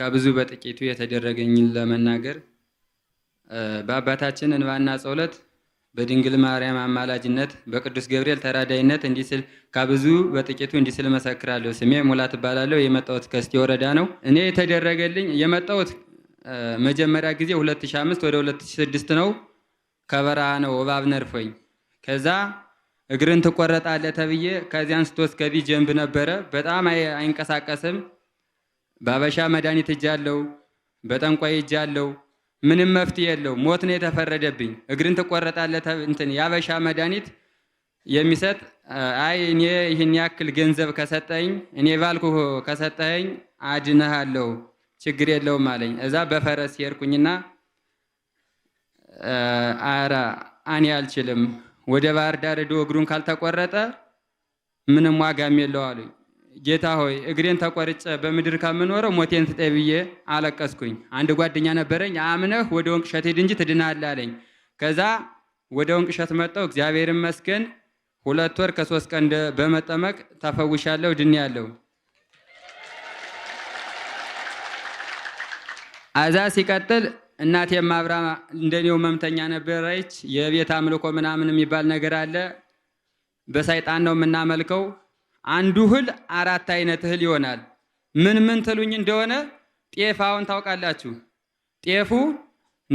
ከብዙ በጥቂቱ የተደረገኝን ለመናገር በአባታችን እንባና ጸሎት በድንግል ማርያም አማላጅነት በቅዱስ ገብርኤል ተራዳይነት እንዲስል ከብዙ በጥቂቱ እንዲስል መሰክራለሁ። ስሜ ሙላ ትባላለሁ የመጣሁት ከእስቴ ወረዳ ነው። እኔ የተደረገልኝ የመጣሁት መጀመሪያ ጊዜ 2005 ወደ 2006 ነው። ከበረሃ ነው እባብ ነርፎኝ። ከዛ እግርን ትቆረጣለህ ተብዬ ከዚያ አንስቶ እስከዚህ ጀንብ ነበረ። በጣም አይንቀሳቀስም። ባበሻ መድኃኒት እጃለው፣ በጠንቋይ እጃለው ምንም መፍትሄ የለው። ሞት ነው የተፈረደብኝ። እግርን ትቆረጣለህ እንትን የአበሻ መድኃኒት የሚሰጥ አይ እኔ ይህን ያክል ገንዘብ ከሰጠኝ እኔ ባልኩ ከሰጠኝ አድነሃለሁ ችግር የለውም አለኝ። እዛ በፈረስ የርኩኝና አረ እኔ አልችልም ወደ ባህር ዳር ዶ እግሩን ካልተቆረጠ ምንም ዋጋም የለው አሉኝ። ጌታ ሆይ እግሬን ተቆርጨ በምድር ከምኖረው ሞቴን ስጠኝ ብዬ አለቀስኩኝ። አንድ ጓደኛ ነበረኝ። አምነህ ወደ ወንቅ እሸት ሂድ እንጂ ትድናለህ አለኝ። ከዛ ወደ ወንቅ እሸት መጣሁ። እግዚአብሔር ይመስገን ሁለት ወር ከሶስት ቀን በመጠመቅ ተፈውሻለሁ፣ ድኛለሁ። አዛ ሲቀጥል እናቴ ማብራ እንደኔው መምተኛ ነበረች። የቤት አምልኮ ምናምን የሚባል ነገር አለ። በሰይጣን ነው የምናመልከው አንዱ እህል አራት አይነት እህል ይሆናል። ምን ምን ትሉኝ እንደሆነ ጤፍ አሁን ታውቃላችሁ። ጤፉ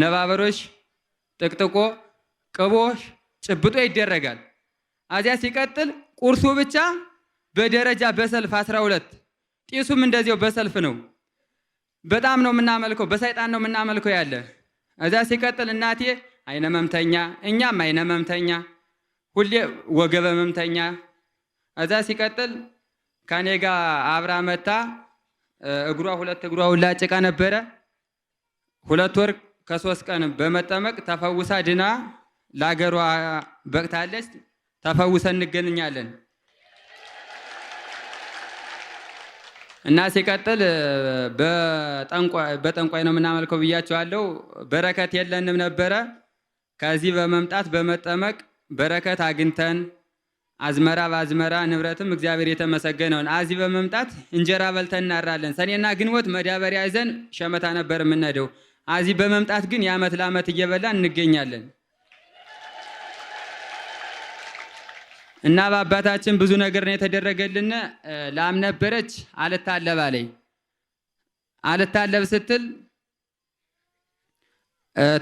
ነባበሮሽ፣ ጥቅጥቆ፣ ቅቦሽ፣ ጭብጦ ይደረጋል። አዚያ ሲቀጥል ቁርሱ ብቻ በደረጃ በሰልፍ 12 ጢሱም እንደዚያው በሰልፍ ነው። በጣም ነው የምናመልከው፣ በሰይጣን ነው የምናመልከው ያለ እዚያ ሲቀጥል እናቴ አይነ መምተኛ፣ እኛም አይነ መምተኛ፣ ሁሌ ወገበ መምተኛ እዛ ሲቀጥል ከኔ ጋር አብራ መታ እግሯ ሁለት እግሯ ሁላ ጭቃ ነበረ። ሁለት ወር ከሶስት ቀን በመጠመቅ ተፈውሳ ድና ለአገሯ በቅታለች። ተፈውሰ እንገናኛለን እና ሲቀጥል በጠንቋይ ነው የምናመልከው ብያቸዋለሁ። በረከት የለንም ነበረ። ከዚህ በመምጣት በመጠመቅ በረከት አግኝተን አዝመራ በአዝመራ ንብረትም እግዚአብሔር የተመሰገነውን አዚህ በመምጣት እንጀራ በልተን እናራለን። ሰኔና ግንቦት መዳበሪያ ይዘን ሸመታ ነበር የምንሄደው። አዚህ በመምጣት ግን የዓመት ለዓመት እየበላን እንገኛለን እና በአባታችን ብዙ ነገር ነው የተደረገልን። ላም ነበረች አልታለብ አለኝ። አልታለብ ስትል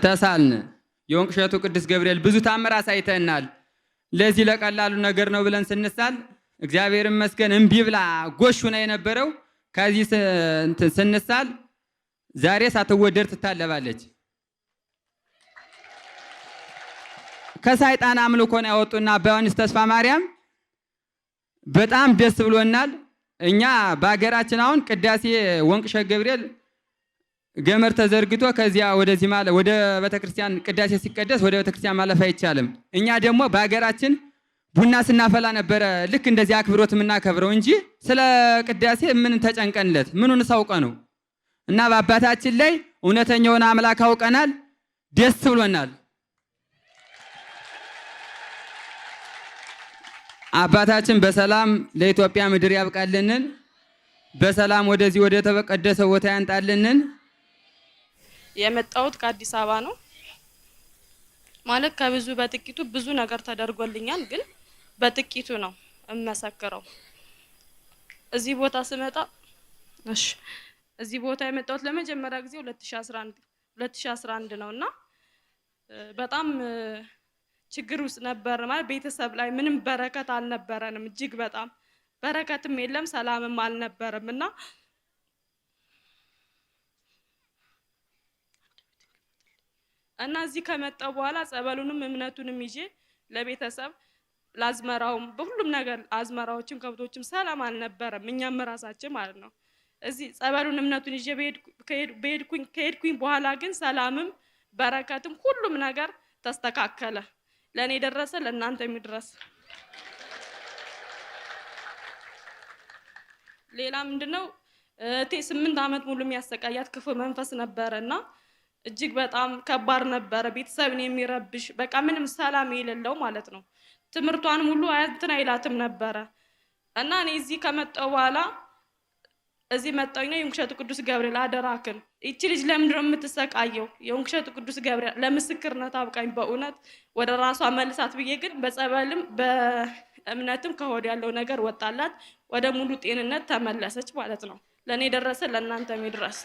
ተሳልን። የወንቅ እሸቱ ቅዱስ ገብርኤል ብዙ ታምር አሳይተናል። ለዚህ ለቀላሉ ነገር ነው ብለን ስንሳል እግዚአብሔር ይመስገን እምቢ ብላ ጎሽ ሁና የነበረው ከዚህ ስንሳል ዛሬ ሳትወደድ ትታለባለች። ከሳይጣን አምልኮ ነው ያወጡና አባ ዮሐንስ ተስፋ ማርያም በጣም ደስ ብሎናል። እኛ በሀገራችን አሁን ቅዳሴ ወንቅሸት ገብርኤል ገመድ ተዘርግቶ ከዚያ ወደዚህ ወደ ቤተክርስቲያን ቅዳሴ ሲቀደስ ወደ ቤተክርስቲያን ማለፍ አይቻልም። እኛ ደግሞ በሀገራችን ቡና ስናፈላ ነበረ ልክ እንደዚህ አክብሮት የምናከብረው እንጂ ስለ ቅዳሴ ምን ተጨንቀንለት ምኑን ሳውቀ ነው። እና በአባታችን ላይ እውነተኛውን አምላክ አውቀናል፣ ደስ ብሎናል። አባታችን በሰላም ለኢትዮጵያ ምድር ያብቃልንን፣ በሰላም ወደዚህ ወደ ተቀደሰ ቦታ ያንጣልንን። የመጣሁት ከአዲስ አበባ ነው። ማለት ከብዙ በጥቂቱ ብዙ ነገር ተደርጎልኛል፣ ግን በጥቂቱ ነው እመሰክረው። እዚህ ቦታ ስመጣ እሺ፣ እዚህ ቦታ የመጣሁት ለመጀመሪያ ጊዜ 2011 2011 ነው እና በጣም ችግር ውስጥ ነበር። ማለት ቤተሰብ ላይ ምንም በረከት አልነበረንም። እጅግ በጣም በረከትም የለም ሰላምም አልነበረም እና እና እዚህ ከመጣ በኋላ ጸበሉንም እምነቱንም ይዤ ለቤተሰብ ለአዝመራውም በሁሉም ነገር አዝመራዎችም ከብቶችም ሰላም አልነበረም። እኛም ራሳችን ማለት ነው እዚህ ጸበሉን እምነቱን ይዤ ከሄድኩኝ በኋላ ግን ሰላምም በረከትም ሁሉም ነገር ተስተካከለ። ለእኔ ደረሰ፣ ለእናንተ የሚድረስ። ሌላ ምንድነው እቴ ስምንት ዓመት ሙሉ የሚያሰቃያት ክፉ መንፈስ ነበረ እና እጅግ በጣም ከባድ ነበረ። ቤተሰብን የሚረብሽ በቃ ምንም ሰላም የሌለው ማለት ነው። ትምህርቷን ሙሉ እንትን አይላትም ነበረ እና እኔ እዚህ ከመጣሁ በኋላ እዚህ መጣሁ ነው የውንክሸቱ ቅዱስ ገብርኤል አደራክን፣ ይቺ ልጅ ለምንድን የምትሰቃየው? የውንክሸቱ ቅዱስ ገብርኤል ለምስክርነት አብቃኝ በእውነት ወደ ራሷ መልሳት ብዬ ግን በጸበልም በእምነትም ከሆድ ያለው ነገር ወጣላት፣ ወደ ሙሉ ጤንነት ተመለሰች ማለት ነው። ለእኔ ደረሰ፣ ለእናንተም ይድረስ።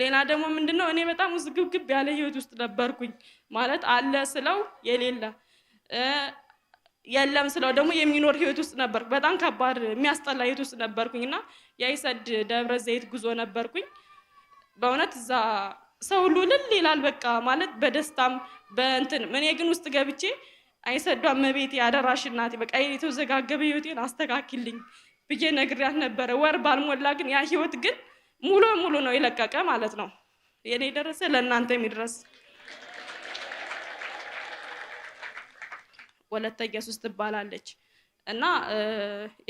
ሌላ ደግሞ ምንድነው እኔ በጣም ውዝግብግብ ያለ ህይወት ውስጥ ነበርኩኝ። ማለት አለ ስለው የሌለ የለም ስለው ደግሞ የሚኖር ህይወት ውስጥ ነበርኩ። በጣም ከባድ የሚያስጠላ ህይወት ውስጥ ነበርኩኝ እና የአይሰድ ደብረ ዘይት ጉዞ ነበርኩኝ። በእውነት እዛ ሰው ሁሉ ልል ይላል። በቃ ማለት በደስታም በእንትን እኔ ግን ውስጥ ገብቼ አይሰዷ መቤቴ አደራሽ እናቴ በቃ የተወዘጋገበ ህይወቴን አስተካክልኝ ብዬ ነግሪያት ነበረ። ወር ባልሞላ ግን ያ ህይወት ግን ሙሉ ሙሉ ነው የለቀቀ ማለት ነው። የኔ ደረሰ ለእናንተ የሚድረስ ወለተ ኢየሱስ ትባላለች እና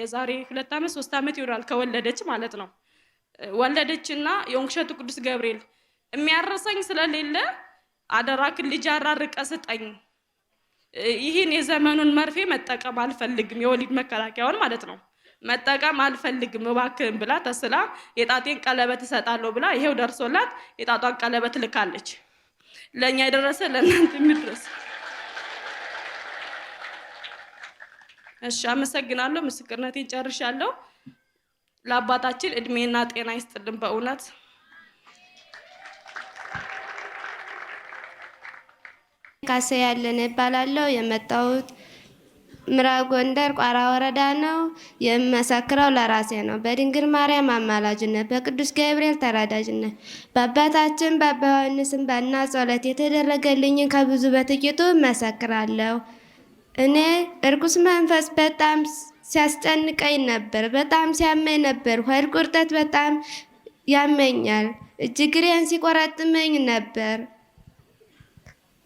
የዛሬ ሁለት ዓመት ሶስት ዓመት ይሆናል ከወለደች ማለት ነው። ወለደች እና ቅዱስ ገብርኤል የሚያረሰኝ ስለሌለ አደራክን ልጅ አራርቀ ስጠኝ፣ ይህን የዘመኑን መርፌ መጠቀም አልፈልግም፣ የወሊድ መከላከያውን ማለት ነው መጠቀም አልፈልግም እባክህን ብላ ተስላ የጣቴን ቀለበት እሰጣለሁ ብላ ይሄው ደርሶላት የጣቷን ቀለበት ልካለች። ለእኛ የደረሰ ለእናንተ የሚድረስ። እሺ፣ አመሰግናለሁ። ምስክርነቴን ጨርሻለሁ። ለአባታችን እድሜና ጤና ይስጥልን በእውነት ካሴ ያለን እባላለሁ የመጣሁት ምዕራብ ጎንደር ቋራ ወረዳ ነው። የምመሰክረው ለራሴ ነው። በድንግል ማርያም አማላጅነት፣ በቅዱስ ገብርኤል ተራዳጅነት፣ በአባታችን በአባ ዮሐንስም በና ጸሎት የተደረገልኝን ከብዙ በጥቂቱ እመሰክራለሁ። እኔ እርኩስ መንፈስ በጣም ሲያስጨንቀኝ ነበር። በጣም ሲያመኝ ነበር። ሆድ ቁርጠት በጣም ያመኛል። እጅግሬን ሲቆረጥመኝ ነበር።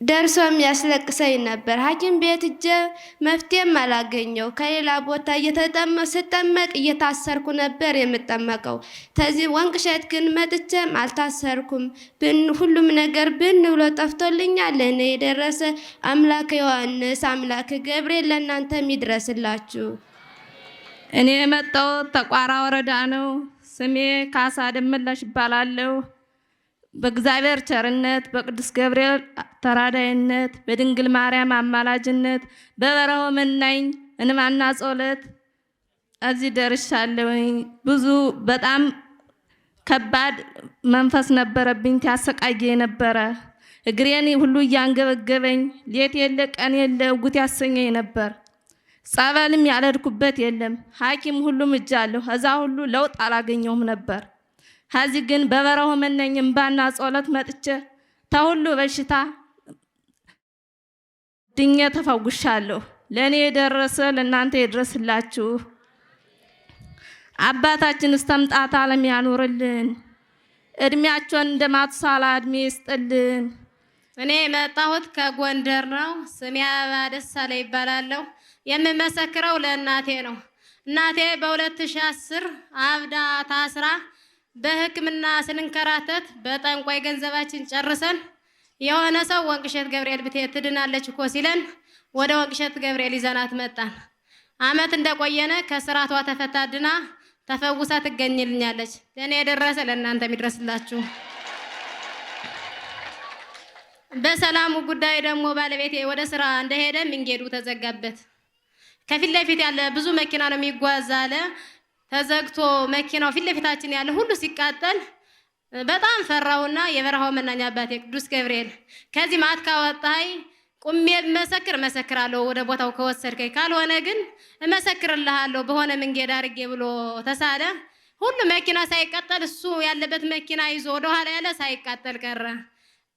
ደርሶም ያስለቅሰኝ ነበር። ሐኪም ቤት እጀ መፍትሄም አላገኘው። ከሌላ ቦታ ስጠመቅ እየታሰርኩ ነበር የምጠመቀው። ተዚህ ወንቅሸት ግን መጥቼም አልታሰርኩም። ሁሉም ነገር ብን ብሎ ጠፍቶልኛል። ለእኔ የደረሰ አምላክ ዮሐንስ፣ አምላክ ገብርኤል ለእናንተም ይድረስላችሁ። እኔ የመጣው ተቋራ ወረዳ ነው። ስሜ ካሳ ደመላሽ ይባላለሁ። በእግዚአብሔር ቸርነት በቅዱስ ገብርኤል ተራዳይነት በድንግል ማርያም አማላጅነት በበረሆ መናኝ እንማና ጸሎት እዚህ ደርሻለሁኝ። ብዙ በጣም ከባድ መንፈስ ነበረብኝ፣ ያሰቃየ ነበረ። እግሬን ሁሉ እያንገበገበኝ ሌት የለ ቀን የለ እጉት ያሰኘኝ ነበር። ጸበልም ያለድኩበት የለም። ሐኪም ሁሉም እጃለሁ፣ እዛ ሁሉ ለውጥ አላገኘውም ነበር። ከዚህ ግን በበረሆ መነኝ እምባና ጸሎት መጥቼ ተሁሉ በሽታ ድኜ ተፈውሻለሁ። ለእኔ የደረሰ ለእናንተ የድረስላችሁ። አባታችን እስተምጣት ዓለም ያኑርልን፣ እድሜያቸውን እንደ ማቱሳላ እድሜ ይስጥልን። እኔ የመጣሁት ከጎንደር ነው። ስሜ አበባ ደሳለኝ ይባላለሁ። የምመሰክረው ለእናቴ ነው። እናቴ በ2010 አብዳ ታስራ በህክምና ስንንከራተት በጠንቋይ ገንዘባችን ጨርሰን የሆነ ሰው ወንቅሸት ገብርኤል ብቴ ትድናለች እኮ ሲለን ወደ ወንቅሸት ገብርኤል ይዘናት መጣን። አመት እንደቆየነ ከስራቷ ድና ተፈውሳ ትገኝልኛለች። ለእኔ የደረሰ ለእናንተ የሚደርስላችሁ። በሰላሙ ጉዳይ ደግሞ ባለቤቴ ወደ ስራ እንደሄደ መንገዱ ተዘጋበት። ከፊት ለፊት ያለ ብዙ መኪና ነው የሚጓዝ አለ ተዘግቶ መኪናው ፊት ለፊታችን ያለ ሁሉ ሲቃጠል በጣም ፈራውና የበረሃው መናኛ አባቴ ቅዱስ ገብርኤል ከዚህ ማት ካወጣይ ቁሜ መሰክር መሰክራለሁ ወደ ቦታው ከወሰድከኝ፣ ካልሆነ ግን እመሰክርልሃለሁ በሆነ መንገድ አድርጌ ብሎ ተሳለ። ሁሉ መኪና ሳይቃጠል እሱ ያለበት መኪና ይዞ ወደኋላ ያለ ሳይቃጠል ቀረ።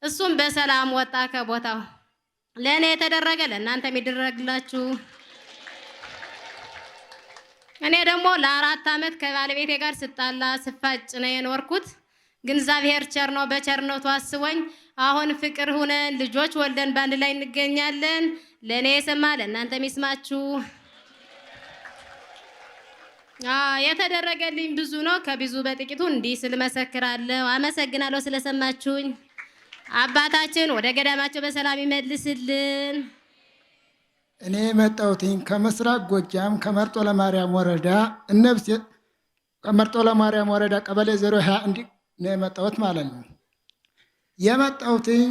እሱም በሰላም ወጣ ከቦታው። ለእኔ የተደረገ ለእናንተ የሚደረግላችሁ እኔ ደግሞ ለአራት ዓመት ከባለቤቴ ጋር ስጣላ ስፋጭ ነው የኖርኩት። ግን እግዚአብሔር ቸር ነው፣ በቸርነቱ አስቦኝ አሁን ፍቅር ሁነን ልጆች ወልደን በአንድ ላይ እንገኛለን። ለእኔ የሰማ ለእናንተ የሚስማችሁ። የተደረገልኝ ብዙ ነው፣ ከብዙ በጥቂቱ እንዲህ ስል መሰክራለሁ። አመሰግናለሁ ስለሰማችሁኝ። አባታችን ወደ ገዳማቸው በሰላም ይመልስልን። እኔ የመጣሁትኝ ከምስራቅ ጎጃም ከመርጦ ለማርያም ወረዳ እነብስ ከመርጦ ለማርያም ወረዳ ቀበሌ ዜሮ ሀያ አንድ ነው የመጣሁት ማለት ነው። የመጣሁትኝ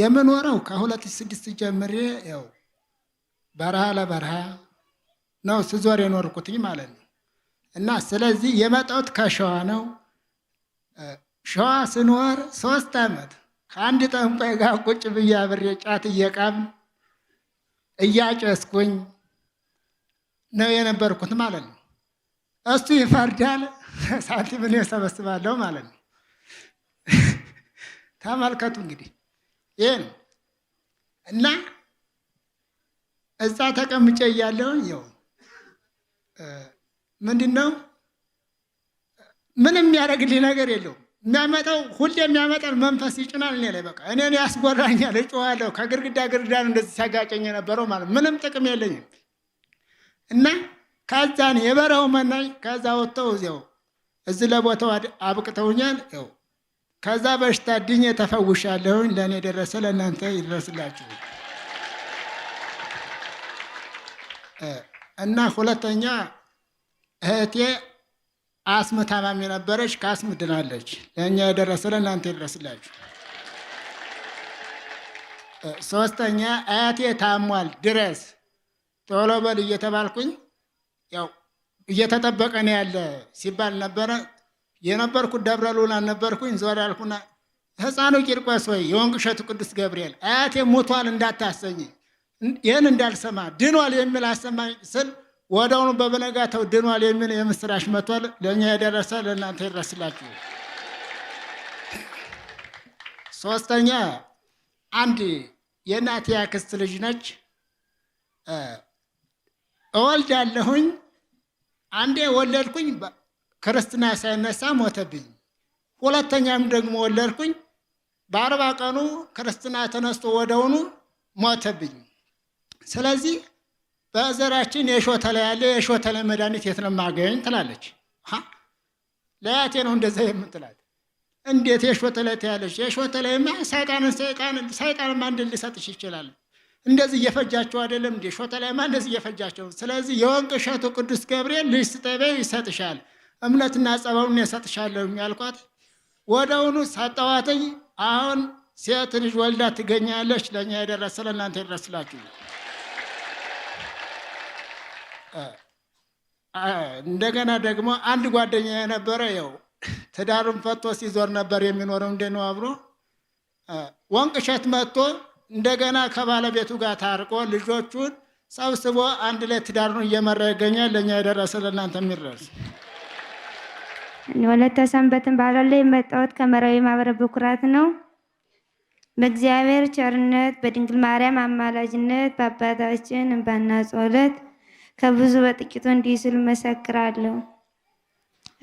የምኖረው ከሁለት ሺህ ስድስት ጀምሬ ያው በረሃ ለበረሃ ነው ስዞር የኖርኩትኝ ማለት ነው። እና ስለዚህ የመጣሁት ከሸዋ ነው። ሸዋ ስኖር ሶስት ዓመት ከአንድ ጠንቋይ ጋር ቁጭ ብዬ አብሬ ጫት እየቃም እያጨስኩኝ ነው የነበርኩት ማለት ነው። እሱ ይፈርዳል፣ ሳንቲም እኔ እሰበስባለሁ ማለት ነው። ተመልከቱ እንግዲህ ይህ ነው እና እዛ ተቀምጬ እያለሁኝ ይኸው ምንድን ነው ምንም የሚያደርግልኝ ነገር የለውም። የሚያመጣው ሁሌ የሚያመጣል መንፈስ ይጭናል። እኔ ላይ በቃ እኔን ያስጎራኛል፣ እጮዋለሁ። ከግርግዳ ግርግዳ እንደዚህ ሲያጋጨኝ የነበረው ማለት ምንም ጥቅም የለኝም። እና ከዛን የበረው መናኝ ከዛ ወጥተው እዚያው እዚህ ለቦታው አብቅተውኛል። ው ከዛ በሽታ ድኜ ተፈውሻለሁኝ። ለእኔ ደረሰ፣ ለእናንተ ይድረስላችሁ። እና ሁለተኛ እህቴ አስም ታማሚ ነበረች፣ ከአስም ድናለች። ለእኛ የደረሰ ለእናንተ ይድረስላችሁ። ሶስተኛ አያቴ ታሟል ድረስ ቶሎ በል እየተባልኩኝ ያው እየተጠበቀ ነው ያለ ሲባል ነበረ። የነበርኩት ደብረ ሉላ ነበርኩኝ። ዞር ያልኩና ሕፃኑ ቂርቆስ ወይ የወንቅ እሸቱ ቅዱስ ገብርኤል አያቴ ሙቷል እንዳታሰኝ፣ ይህን እንዳልሰማ ድኗል የሚል አሰማኝ ስል ወዲያውኑ በበነጋታው ድኗል የሚል የምስራች መቷል ለእኛ የደረሰ ለእናንተ ይድረስላችሁ። ሶስተኛ አንድ የእናቴ ያክስት ልጅ ነች። እወልዳለሁኝ አንዴ ወለድኩኝ፣ ክርስትና ሳይነሳ ሞተብኝ። ሁለተኛም ደግሞ ወለድኩኝ፣ በአርባ ቀኑ ክርስትና ተነስቶ ወደውኑ ሞተብኝ። ስለዚህ በዘራችን የሾተለ ያለ የሾተለ መድኃኒት የት ነው የማገኝ ትላለች። ለያቴ ነው እንደዛ የምትላት። እንዴት የሾተለ ትያለች? የሾተለማ ሰይጣንን ሰይጣንን ሰይጣንማ እንድን ሊሰጥሽ ይችላል። እንደዚህ እየፈጃቸው አይደለም እንዴ? ሾተለማ እንደዚህ እየፈጃቸው። ስለዚህ የወንቅ እሸቱ ቅዱስ ገብርኤል ልጅ ስጠቤ ይሰጥሻል፣ እምነትና ጸበሉን የሰጥሻለሁ ያልኳት ወደውኑ ሰጠዋትኝ። አሁን ሴት ልጅ ወልዳ ትገኛለች። ለእኛ የደረሰ ለእናንተ ይደረስላችሁ። እንደገና ደግሞ አንድ ጓደኛ የነበረ ው ትዳሩን ፈቶ ሲዞር ነበር የሚኖረው እንደ ነው አብሮ ወንቅ እሸት መጥቶ እንደገና ከባለቤቱ ጋር ታርቆ ልጆቹን ሰብስቦ አንድ ላይ ትዳሩን እየመራ ይገኛል። ለእኛ የደረሰ ለእናንተ የሚደረስ ወለተ ሰንበትን ባለው ላይ የመጣሁት ከመራዊ ማህበረ ብኩራት ነው። በእግዚአብሔር ቸርነት በድንግል ማርያም አማላጅነት በአባታችን እንባና ጸሎት ከብዙ በጥቂቱ እንዲህ ስል መሰክራለሁ።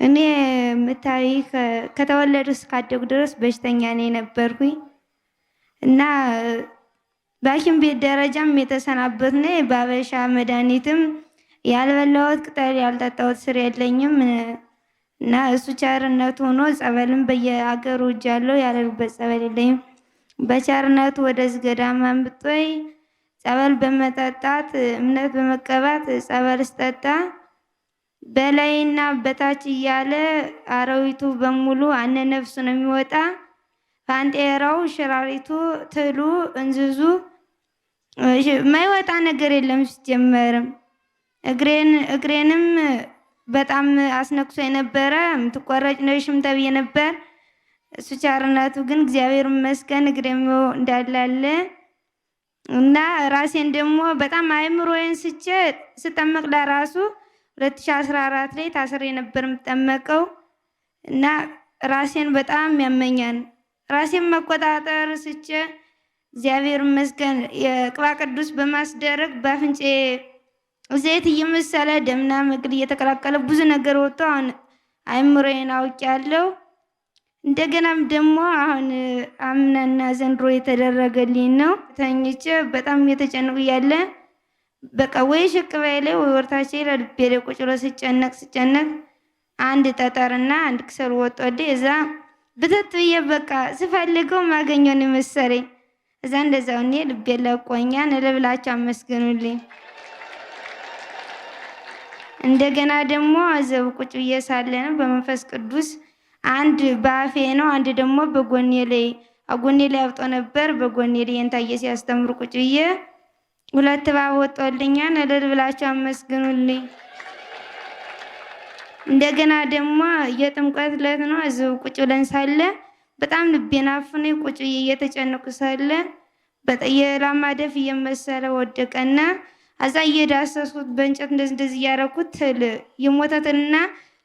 እኔ የምታይ ከተወለዱ እስካደጉ ድረስ በሽተኛ ነኝ ነበርኩኝ እና በሐኪም ቤት ደረጃም የተሰናበት ነው። በአበሻ መድኃኒትም ያልበላሁት ቅጠል ያልጠጣሁት ስር የለኝም እና እሱ ቸርነቱ ሆኖ ጸበልም በየአገሩ እጃለሁ ያለሉበት ጸበል የለኝም። በቸርነቱ ወደዚህ ገዳም አምጥቶኝ ጸበል በመጠጣት እምነት በመቀባት ጸበል ስጠጣ በላይና በታች እያለ አረዊቱ በሙሉ አነ ነፍሱ ነው የሚወጣ። ፋንጤራው፣ ሽራሪቱ፣ ትሉ፣ እንዝዙ የማይወጣ ነገር የለም። ሲጀመርም እግሬንም በጣም አስነክሶ የነበረ የምትቆረጭ ነሽም ተብዬ ነበር። እሱ ቻርነቱ ግን እግዚአብሔር ይመስገን እግሬም እንዳላለ እና ራሴን ደግሞ በጣም አእምሮዬን ስቼ ስጠመቅ ለራሱ 2014 ላይ ታስሬ ነበር የምጠመቀው እና ራሴን በጣም ያመኛል። ራሴን መቆጣጠር ስቼ እግዚአብሔር ይመስገን የቅባ ቅዱስ በማስደረግ በአፍንጬ ዘይት እየመሰለ ደምና ምግል እየተቀላቀለ ብዙ ነገር ወጥቶ አሁን አእምሮዬን አውቄያለሁ። እንደገናም ደግሞ አሁን አምናና ዘንድሮ የተደረገልኝ ነው። ተኝቼ በጣም እየተጨነቁ ያለ በቃ ወይ ሽቅባይ ላይ ወይ ወርታቼ ለልቤ ላይ ቁጭ ስጨነቅ ስጨነቅ አንድ ጠጠርና አንድ ክሰል ወጦልኝ እዛ ብተት ብዬ በቃ ስፈልገው ማገኘውን መሰለኝ። እዛ እንደዛው እኔ ልቤ ለቆኛን እልብላችሁ አመስግኑልኝ። እንደገና ደግሞ አዘብ ቁጭ ብዬ ሳለ ነው በመንፈስ ቅዱስ አንድ በአፌ ነው፣ አንድ ደግሞ በጎኔ ላይ አጎኔ ላይ አብጦ ነበር። በጎኔ ላይ እንታየ ሲያስተምሩ ቁጭ ብዬ ሁለት እባብ ወጦልኛል። እልል ብላችሁ አመስግኑልኝ። እንደገና ደግሞ የጥምቀት ዕለት ነው። እዚሁ ቁጭ ብለን ሳለ በጣም ልቤን አፍኖ ቁጭ ብዬ እየተጨነቁ ሳለ የላማ ደፍ እየመሰለ ወደቀና አዛ እየዳሰሱት በእንጨት እንደዚህ እንደዚህ እያደረኩት ትል የሞተ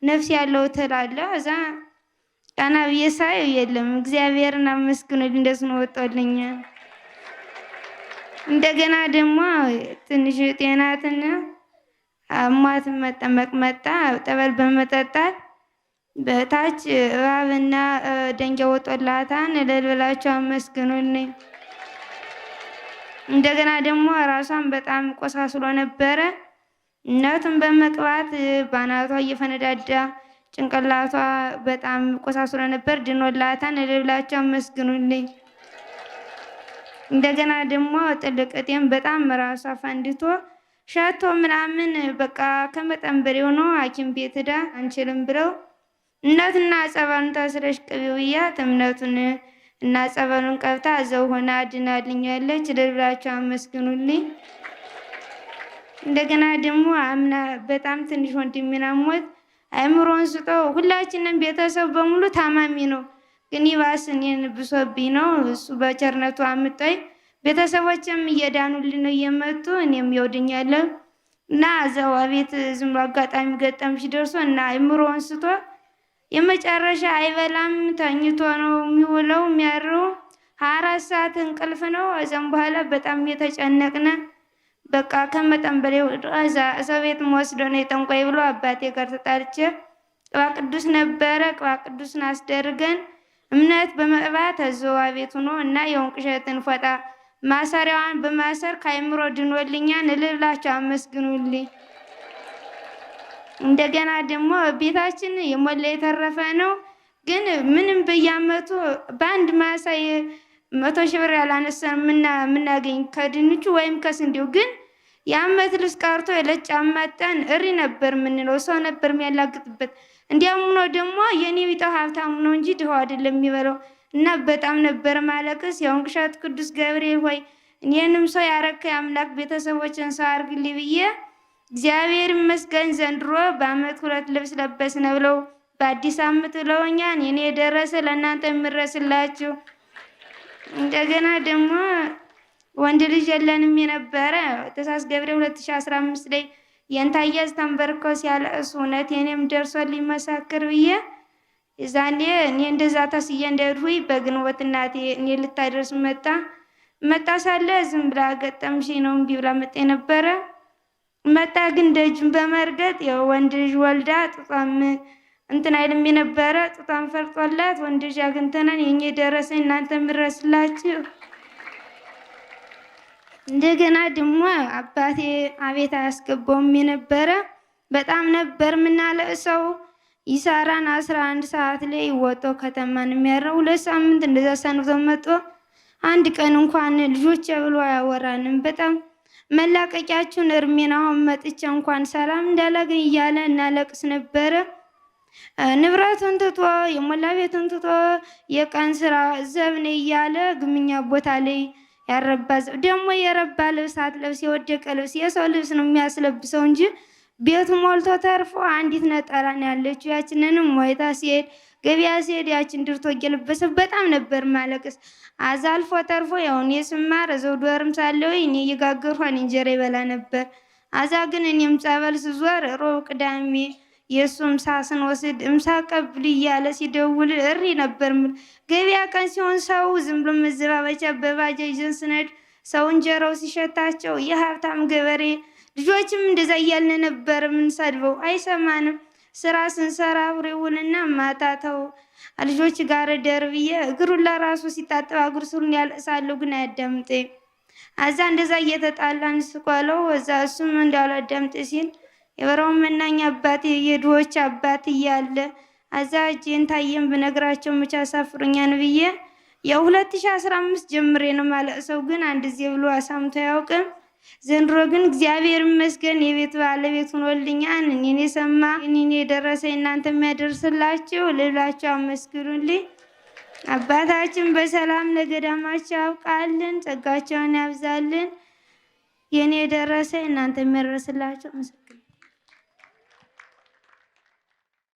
ነፍስ ያለው ትል አለ አዛ ቀና ብዬ ሳየው የለም። እግዚአብሔርን አመስግኖልኝ እንደዚህ ነው ወጣልኝ። እንደገና ደግሞ ትንሽ ጤናትን አሟትን መጠመቅ መጣ። ጠበል በመጠጣት በታች እባብና ደንጃ ወጦላታን ለልበላቸው አመስግኑልኝ። እንደገና ደግሞ ራሷን በጣም ቆሳስሎ ነበረ። እናቱን በመቅባት ባናቷ እየፈነዳዳ ጭንቅላቷ በጣም ቆሳስሎ ነበር። ድኖላታን ለብላቸው አመስግኑልኝ። እንደገና ደግሞ ጥልቅጤም በጣም ራሷ ፈንድቶ ሻቶ ምናምን በቃ ከመጠን በላይ ሆኖ ሐኪም ቤት ዳ አንችልም ብለው እምነቱና ጸበሉን ታስረሽ ቅቢ ብያት እምነቱን እና ጸበሉን ቀብታ እዛው ሆና አድናልኛለች። ልብላቸው አመስግኑልኝ። እንደገና ደግሞ አምና በጣም ትንሽ ወንድሜን አሞት አእምሮን ስጦ ሁላችንም ቤተሰብ በሙሉ ታማሚ ነው፣ ግን ይባስ እኔን ብሶብኝ ነው። እሱ በቸርነቱ አምጣኝ። ቤተሰቦችም እየዳኑልን ነው እየመጡ እኔም የወድኛለሁ እና እዛው አቤት ዝም ብሎ አጋጣሚ ገጠምሽ ደርሶ እና አእምሮን ስጦ የመጨረሻ አይበላም፣ ተኝቶ ነው የሚውለው የሚያድረው። ሀያ አራት ሰዓት እንቅልፍ ነው። እዛም በኋላ በጣም የተጨነቅነ በቃ ከመጠን በላይ እዛ ቤት መወስዶ ነው የጠንቋይ ብሎ አባቴ ጋር ተጣልቼ ቅባ ቅዱስ ነበረ። ቅባ ቅዱስን አስደርገን እምነት በመቅባት እዚያው ቤት ሆኖ እና የወንቅ እሸትን ፎጣ ማሰሪያዋን በማሰር ከአይምሮ ድኖልኛን እልላቸው አመስግኑልኝ። እንደገና ደግሞ ቤታችን የሞላ የተረፈ ነው። ግን ምንም በየአመቱ በአንድ ማሳይ መቶ ሺህ ብር ያላነሰን የምናገኝ ከድንቹ ወይም ከስንዴው ግን የአመት ልብስ ቀርቶ የለጭ አማጣን እሪ ነበር የምንለው። ሰው ነበር የሚያላግጥበት። እንዲያም ሆኖ ደግሞ የኔ ቢጠው ሀብታም ነው እንጂ ድሆ አይደለም የሚበለው። እና በጣም ነበር ማለቅስ። ያው ቅዱስ ገብርኤል ሆይ እኔንም ሰው ያረከ የአምላክ ቤተሰቦችን ሰው አድርግልኝ ብዬ እግዚአብሔር ይመስገን ዘንድሮ በአመት ሁለት ልብስ ለበስን ብለው በአዲስ አመት ብለውኛን እኔ የደረሰ ለእናንተ የምድረስላችሁ እንደገና ደግሞ ወንድ ልጅ የለንም የነበረ ተሳስ ገብሬ 2015 ላይ የንታያዝ ተንበርኮ ሲያለቅሱ እውነት የኔም ደርሶ ሊመሳክር ብዬ እዛኔ እኔ እንደዛ ተስዬ እንደሄድኩኝ በግንቦት እናቴ እኔ ልታደርስ መጣ መጣ ሳለ ዝም ብላ ገጠምሽ ነው እምቢ ብላ መጣ የነበረ መጣ ግን ደጅን በመርገጥ ያው ወንድ ልጅ ወልዳ ጥጧም እንትን አይልም የነበረ ጡቷን ፈርጦላት ወንድ ልጅ አግኝተናል፣ የኛ የደረሰኝ እናንተ የምረስላችሁ። እንደገና ደግሞ አባቴ አቤት አያስገባውም የነበረ በጣም ነበር የምናለቅሰው። ይሳራን አስራ አንድ ሰዓት ላይ ወጦ ከተማን የሚያረው ሁለት ሳምንት እንደዛ ሰንብቶ መጦ አንድ ቀን እንኳን ልጆች ብሎ አያወራንም። በጣም መላቀቂያችሁን እርሜን አሁን መጥቻ እንኳን ሰላም እንዳላገኝ እያለ እናለቅስ ነበረ። ንብረቱን ትቶ የሞላ ቤቱን ትቶ የቀን ስራ ዘብን እያለ ግምኛ ቦታ ላይ ያረባ ደግሞ የረባ ልብስ አትለብስ፣ የወደቀ ልብስ የሰው ልብስ ነው የሚያስለብሰው እንጂ ቤቱ ሞልቶ ተርፎ አንዲት ነጠላ ነው ያለችው። ያችንንም ሞይታ ሲሄድ ገበያ ሲሄድ ያችን ድርቶ እየለበሰ በጣም ነበር ማለቅስ። አዛልፎ ተርፎ ያው እኔ ስማር እዛው እኔ እየጋገርኳን እንጀራ ይበላ ነበር። አዛ ግን እኔም ጸበል ስዞር ሮብ ቅዳሜ የእሱ እምሳ ስንወስድ እምሳ ቀብል እያለ ሲደውል እሪ ነበር ምል። ገበያ ቀን ሲሆን ሰው ዝም ብሎ መዘባበቻ በባጃጅ ስነድ ሰው እንጀራው ሲሸታቸው የሀብታም ገበሬ ልጆችም እንደዛ እያልን ነበር የምንሰድበው። አይሰማንም። ስራ ስንሰራ ውሬውንና ማታተው ልጆች ጋር ደርብዬ እግሩን ለራሱ ሲታጠብ አጉርሱን ያለቅሳለሁ፣ ግን አያዳምጠኝ። አዛ እንደዛ እየተጣላን ስቆለው እዛ እሱም እንዳላዳምጥ ሲል የበረሃው መናኛ አባት፣ የድሆች አባት እያለ አዛ እጄን ታየን ብነግራቸው መቼ አሳፍሩኛን ብዬ የ2015 ጀምሬ ነው ማለት ሰው ግን አንድ ጊዜ ብሎ አሳምቶ አያውቅም። ዘንድሮ ግን እግዚአብሔር ይመስገን የቤት ባለቤት ሆኖልኛል። እኔን የሰማ እኔን የደረሰ እናንተ የሚያደርስላችሁ ልላችሁ አመስግኑልኝ። አባታችን በሰላም ለገዳማቸው ያብቃልን፣ ጸጋቸውን ያብዛልን። የእኔ የደረሰ እናንተ የሚያደርስላችሁ